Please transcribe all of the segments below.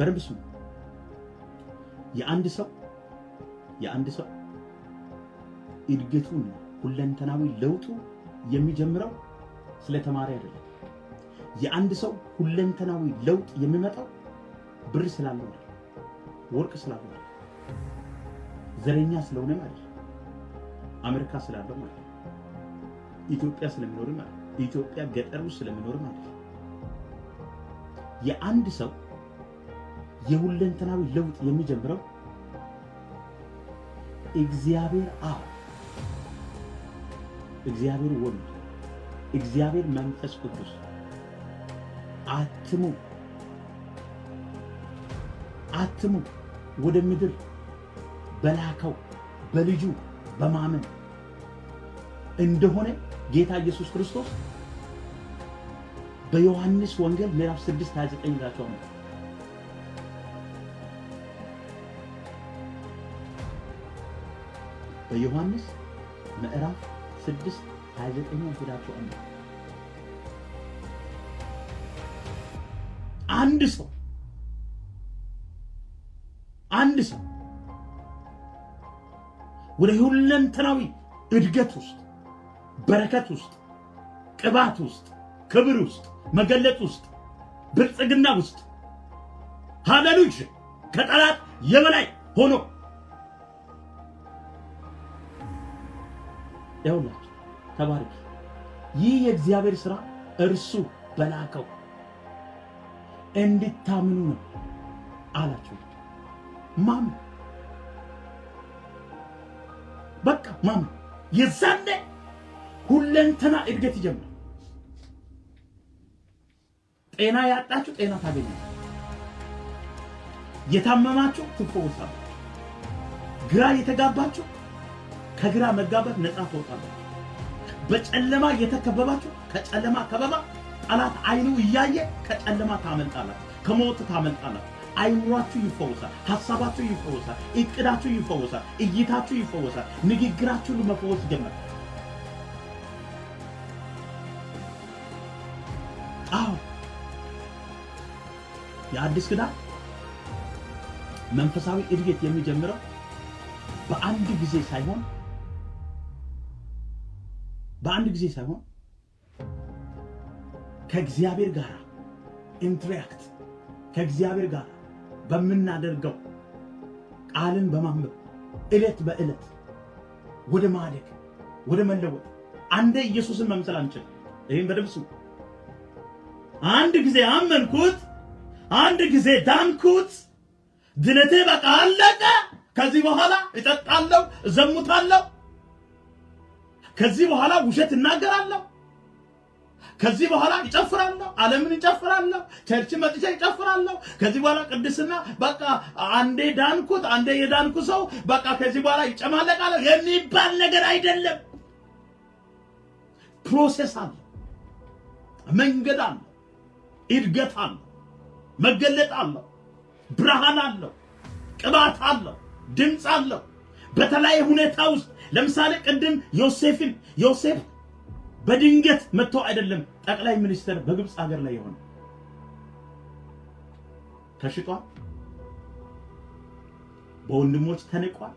በደንብ ስሙ። የአንድ ሰው የአንድ ሰው እድገቱን ሁለንተናዊ ለውጡ የሚጀምረው ስለተማሪ አይደለም። የአንድ ሰው ሁለንተናዊ ለውጥ የሚመጣው ብር ስላለው አይደለም፣ ወርቅ ስላለው አይደለም፣ ዘረኛ ስለሆነም አይደለም፣ አሜሪካ ስላለው አይደለም፣ ኢትዮጵያ ስለሚኖርም አይደለም፣ ኢትዮጵያ ገጠሩ ስለሚኖርም አይደለም። የአንድ ሰው የሁለንተናዊ ለውጥ የሚጀምረው እግዚአብሔር አብ፣ እግዚአብሔር ወልድ፣ እግዚአብሔር መንፈስ ቅዱስ አትሙ አትሙ ወደ ምድር በላከው በልጁ በማመን እንደሆነ ጌታ ኢየሱስ ክርስቶስ በዮሐንስ ወንጌል ምዕራፍ 6 29 ነው። በዮሐንስ ምዕራፍ 6 29 ሄዳችሁ አለ። አንድ ሰው አንድ ሰው ወደ ሁለንተናዊ እድገት ውስጥ በረከት ውስጥ ቅባት ውስጥ ክብር ውስጥ መገለጥ ውስጥ ብልጽግና ውስጥ ሃሌሉያ ከጠላት የበላይ ሆኖ ይኸውላችሁ ተባረክ። ይህ የእግዚአብሔር ሥራ እርሱ በላከው እንድታምኑ ነው አላቸው። ማም በቃ ማም የዛኔ ሁለንተና እድገት ይጀምራል። ጤና ያጣችሁ ጤና ታገኛላችሁ። የታመማችሁ ትፈወሳላችሁ። ግራ የተጋባችሁ ከግራ መጋባት ነፃ ትወጣለህ። በጨለማ የተከበባችሁ ከጨለማ ከበባ ጠላት አይኑ እያየ ከጨለማ ታመልጣላት ከሞት ታመልጣላት አይምሯችሁ ይፈወሳል፣ ሐሳባችሁ ይፈወሳል፣ እቅዳችሁ ይፈወሳል፣ እይታችሁ ይፈወሳል፣ ንግግራችሁ መፈወስ ጀመር። አዎ የአዲስ ኪዳን መንፈሳዊ እድገት የሚጀምረው በአንድ ጊዜ ሳይሆን በአንድ ጊዜ ሳይሆን ከእግዚአብሔር ጋር ኢንትራክት ከእግዚአብሔር ጋር በምናደርገው ቃልን በማንበብ ዕለት በዕለት ወደ ማደግ ወደ መለወጥ አንደ ኢየሱስን መምሰል አንችል። ይህም በደምሱ አንድ ጊዜ አመንኩት፣ አንድ ጊዜ ዳንኩት፣ ድነቴ በቃ አለቀ። ከዚህ በኋላ እጠጣለሁ፣ እዘሙታለሁ ከዚህ በኋላ ውሸት እናገራለሁ፣ ከዚህ በኋላ እጨፍራለሁ፣ ዓለምን እጨፍራለሁ፣ ቸርች መጥቼ እጨፍራለሁ። ከዚህ በኋላ ቅድስና በቃ አንዴ ዳንኩት፣ አንዴ የዳንኩ ሰው በቃ ከዚህ በኋላ ይጨማለቃለሁ የሚባል ነገር አይደለም። ፕሮሴስ አለ፣ መንገድ አለ፣ እድገት አለ፣ መገለጥ አለ፣ ብርሃን አለው፣ ቅባት አለው፣ ድምፅ አለው። በተለያየ ሁኔታ ውስጥ ለምሳሌ ቅድም ዮሴፍን ዮሴፍ በድንገት መጥቶ አይደለም ጠቅላይ ሚኒስትር በግብፅ ሀገር ላይ የሆነ ተሽጧል፣ በወንድሞች ተንቋል፣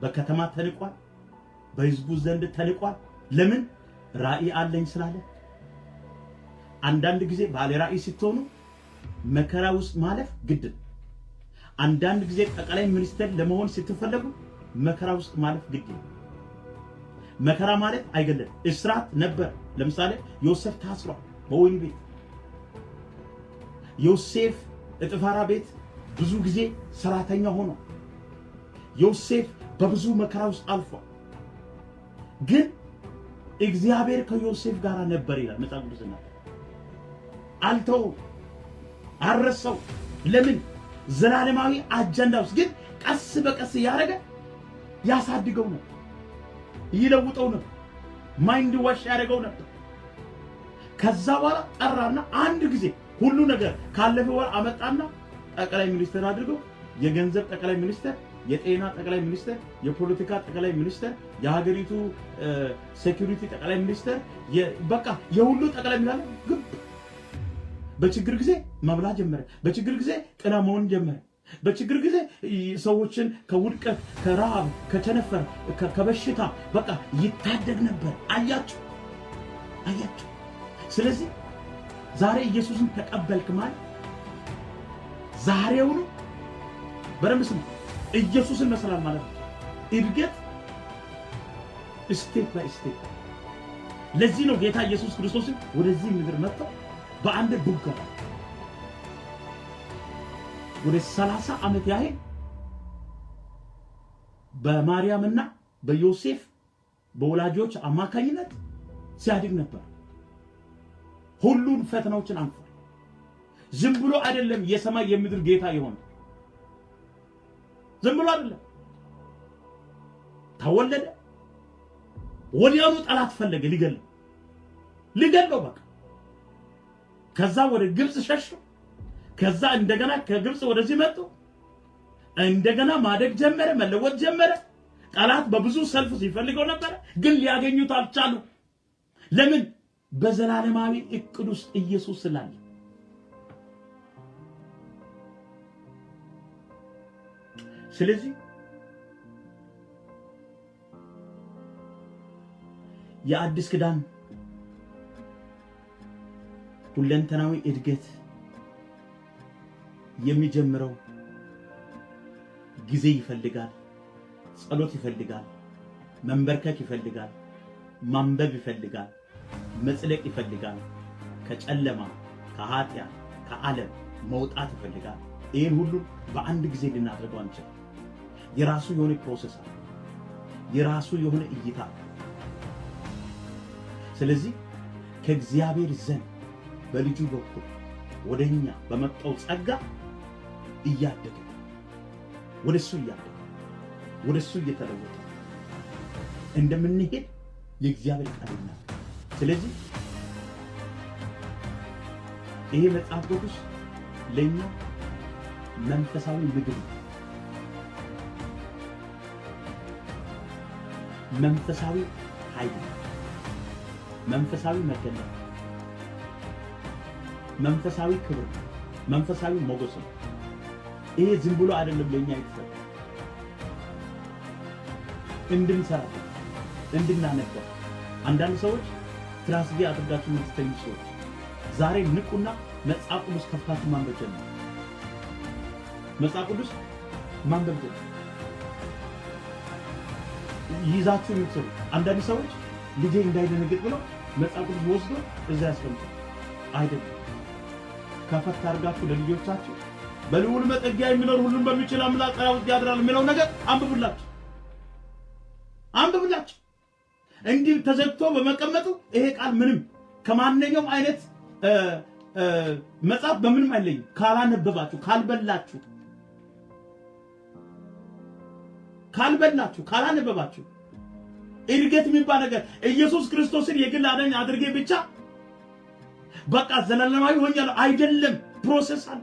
በከተማ ተንቋል፣ በህዝቡ ዘንድ ተንቋል። ለምን ራእይ አለኝ ስላለ። አንዳንድ ጊዜ ባለ ራእይ ስትሆኑ መከራ ውስጥ ማለፍ ግድ ነው። አንዳንድ ጊዜ ጠቅላይ ሚኒስትር ለመሆን ስትፈለጉ መከራ ውስጥ ማለፍ ግድ ነው። መከራ ማለት አይገለም። እስራት ነበር። ለምሳሌ ዮሴፍ ታስሯል በወህኒ ቤት። ዮሴፍ እጥፋራ ቤት ብዙ ጊዜ ሰራተኛ ሆኖ ዮሴፍ በብዙ መከራ ውስጥ አልፏል። ግን እግዚአብሔር ከዮሴፍ ጋር ነበር ይላል መጽሐፍ ቅዱስና አልተው አረሰው ለምን ዘላለማዊ አጀንዳ ውስጥ ግን ቀስ በቀስ እያደረገ ያሳድገው ነበር፣ ይለውጠው ነበር፣ ማይንድ ዋሽ ያደረገው ነበር። ከዛ በኋላ ጠራና አንድ ጊዜ ሁሉ ነገር ካለፈ በኋላ አመጣና ጠቅላይ ሚኒስትር አድርገው የገንዘብ ጠቅላይ ሚኒስትር፣ የጤና ጠቅላይ ሚኒስትር፣ የፖለቲካ ጠቅላይ ሚኒስትር፣ የሀገሪቱ ሴኩሪቲ ጠቅላይ ሚኒስትር፣ በቃ የሁሉ ጠቅላይ ሚኒስትር በችግር ጊዜ መብላት ጀመረ። በችግር ጊዜ ቅና መሆን ጀመረ። በችግር ጊዜ ሰዎችን ከውድቀት፣ ከረሃብ፣ ከቸነፈር፣ ከበሽታ በቃ ይታደግ ነበር። አያችሁ አያችሁ። ስለዚህ ዛሬ ኢየሱስን ተቀበልክ ማለት ዛሬውኑ በደንብ ስም ኢየሱስን መስላል ማለት ነው። እድገት ስቴፕ ባይ ስቴፕ። ለዚህ ነው ጌታ ኢየሱስ ክርስቶስን ወደዚህ ምድር መጥተው በአንድ ቡጋ ወደ 30 ዓመት ያህል በማርያምና በዮሴፍ በወላጆች አማካኝነት ሲያድግ ነበር። ሁሉን ፈተናዎችን አንፏል። ዝም ብሎ አይደለም የሰማይ የምድር ጌታ የሆነ ዝም ብሎ አይደለም። ተወለደ፣ ወዲያውኑ ጠላት ፈለገ ሊገለው ሊገለው በቃ ከዛ ወደ ግብፅ ሸሹ። ከዛ እንደገና ከግብፅ ወደዚህ መጡ። እንደገና ማደግ ጀመረ፣ መለወጥ ጀመረ። ጠላት በብዙ ሰልፍ ሲፈልገው ነበረ፣ ግን ሊያገኙት አልቻሉ። ለምን? በዘላለማዊ እቅድ ውስጥ ኢየሱስ ስላለ። ስለዚህ የአዲስ ክዳን ሁለንተናዊ እድገት የሚጀምረው ጊዜ ይፈልጋል፣ ጸሎት ይፈልጋል፣ መንበርከክ ይፈልጋል፣ ማንበብ ይፈልጋል፣ መጽለቅ ይፈልጋል፣ ከጨለማ ከኃጢያ ከዓለም መውጣት ይፈልጋል። ይህን ሁሉ በአንድ ጊዜ ልናደርገው አንችል። የራሱ የሆነ ፕሮሰስ አለ፣ የራሱ የሆነ እይታ። ስለዚህ ከእግዚአብሔር ዘንድ በልጁ በኩል ወደኛ በመጣው ጸጋ እያደገ እያደ እያደገ ወደሱ እየተለወጠ እንደምንሄድ የእግዚአብሔር ቃል ይናገራል። ስለዚህ ይሄ መጽሐፍ ቅዱስ ለእኛ መንፈሳዊ ምግብ ነው። መንፈሳዊ ኃይል፣ መንፈሳዊ መገለጥ መንፈሳዊ ክብር መንፈሳዊ ሞገስ ነው። ይሄ ዝም ብሎ አይደለም ለእኛ የተሰጠ እንድንሰራ እንድናነበር። አንዳንድ ሰዎች ትራስጌ አድርጋችሁ የምትተኙ ሰዎች ዛሬ ንቁና መጽሐፍ ቅዱስ ከፍታችሁ ማንበብ ጀምሩ። መጽሐፍ ቅዱስ ማንበብ ጀምሩ ይዛችሁ የምትሰሩ። አንዳንድ ሰዎች ልጄ እንዳይደነግጥ ብለው መጽሐፍ ቅዱስ ወስዶ እዛ ያስቀምጡ አይደለም ከፈት አድርጋችሁ ለልጆቻችሁ በልዑል መጠጊያ የሚኖር ሁሉን በሚችል አምላክ ቃል ውስጥ ያድራል የሚለው ነገር አንብቡላችሁ አንብቡላችሁ። እንዲህ ተዘግቶ በመቀመጡ ይሄ ቃል ምንም ከማንኛውም አይነት መጽሐፍ በምንም አይለይም። ካላነበባችሁ፣ ካልበላችሁ፣ ካልበላችሁ፣ ካላነበባችሁ እድገት የሚባል ነገር ኢየሱስ ክርስቶስን የግል አዳኝ አድርጌ ብቻ በቃ ዘላለማዊ ሆኛለሁ አይደለም። ፕሮሰስ አለ።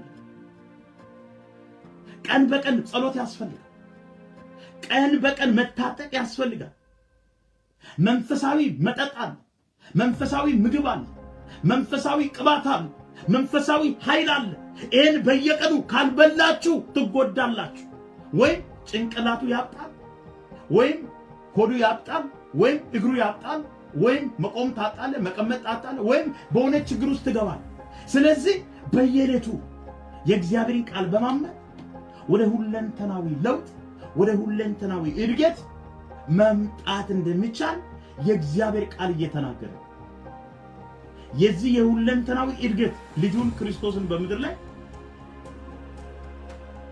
ቀን በቀን ጸሎት ያስፈልጋል። ቀን በቀን መታጠቅ ያስፈልጋል። መንፈሳዊ መጠጥ አለ። መንፈሳዊ ምግብ አለ። መንፈሳዊ ቅባት አለ። መንፈሳዊ ኃይል አለ። ይህን በየቀኑ ካልበላችሁ ትጎዳላችሁ። ወይም ጭንቅላቱ ያብጣል፣ ወይም ሆዱ ያብጣል፣ ወይም እግሩ ያብጣል ወይም መቆም ታጣለ፣ መቀመጥ ታጣለ፣ ወይም በሆነ ችግር ውስጥ ትገባል። ስለዚህ በየዕለቱ የእግዚአብሔርን ቃል በማመን ወደ ሁለንተናዊ ለውጥ ወደ ሁለንተናዊ እድገት መምጣት እንደሚቻል የእግዚአብሔር ቃል እየተናገረ የዚህ የሁለንተናዊ እድገት ልጁን ክርስቶስን በምድር ላይ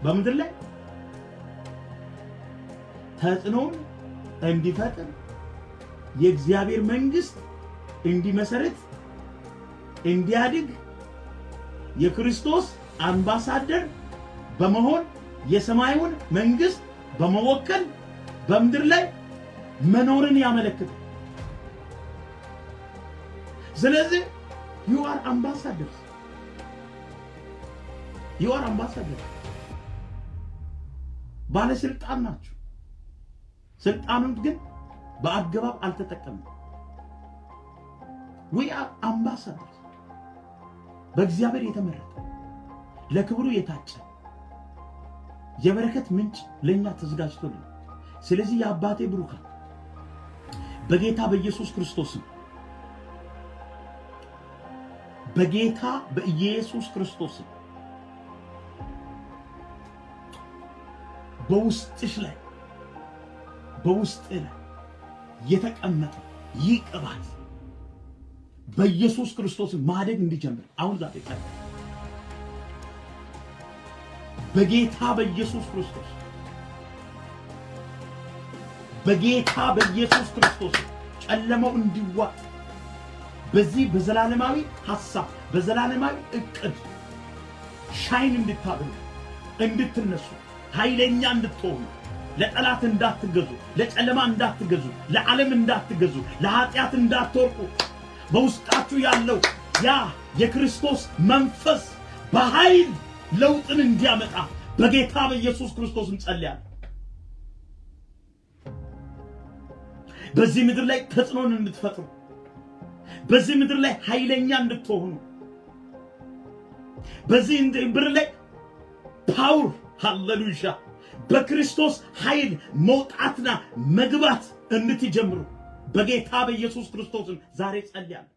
በምድር ላይ ተጽዕኖን እንዲፈጥር የእግዚአብሔር መንግስት እንዲመሰረት እንዲያድግ የክርስቶስ አምባሳደር በመሆን የሰማዩን መንግስት በመወከል በምድር ላይ መኖርን ያመለክታል። ስለዚህ ዩ አር አምባሳደርስ ዩ አር አምባሳደር ባለስልጣን ናችሁ። ስልጣኑን ግን በአገባብ አልተጠቀምም። ወይ አምባሳደር በእግዚአብሔር የተመረጠ ለክብሩ የታጨ የበረከት ምንጭ ለእኛ ተዘጋጅቶልን፣ ስለዚህ የአባቴ ብሩካን በጌታ በኢየሱስ ክርስቶስም በጌታ በኢየሱስ ክርስቶስም በውስጥሽ ላይ በውስጥ ላይ የተቀመጠ ይህ ቅባት በኢየሱስ ክርስቶስ ማደግ እንዲጀምር አሁን ዛሬ ጸልይ። በጌታ በኢየሱስ ክርስቶስ በጌታ በኢየሱስ ክርስቶስ ጨለማው እንዲዋጥ በዚህ በዘላለማዊ ሐሳብ በዘላለማዊ እቅድ ሻይን እንድታብሉ እንድትነሱ ኃይለኛ እንድትሆኑ ለጠላት እንዳትገዙ፣ ለጨለማ እንዳትገዙ፣ ለዓለም እንዳትገዙ፣ ለኃጢአት እንዳትወርቁ በውስጣችሁ ያለው ያ የክርስቶስ መንፈስ በኃይል ለውጥን እንዲያመጣ በጌታ በኢየሱስ ክርስቶስ እንጸልያለን። በዚህ ምድር ላይ ተጽዕኖን እንድትፈጥሩ፣ በዚህ ምድር ላይ ኃይለኛ እንድትሆኑ፣ በዚህ ምድር ላይ ፓውር ሃሌሉያ በክርስቶስ ኃይል መውጣትና መግባት እምትጀምሩ በጌታ በኢየሱስ ክርስቶስም ዛሬ ጸልያለሁ።